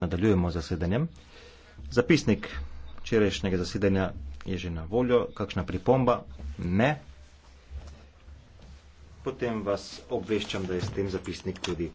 Nadaljujemo zasedanjem. Zapisnik včerajšnjega zasedanja je že na voljo. Kakšna pripomba? Ne. Potem vas obveščam, da je s tem zapisnik tudi.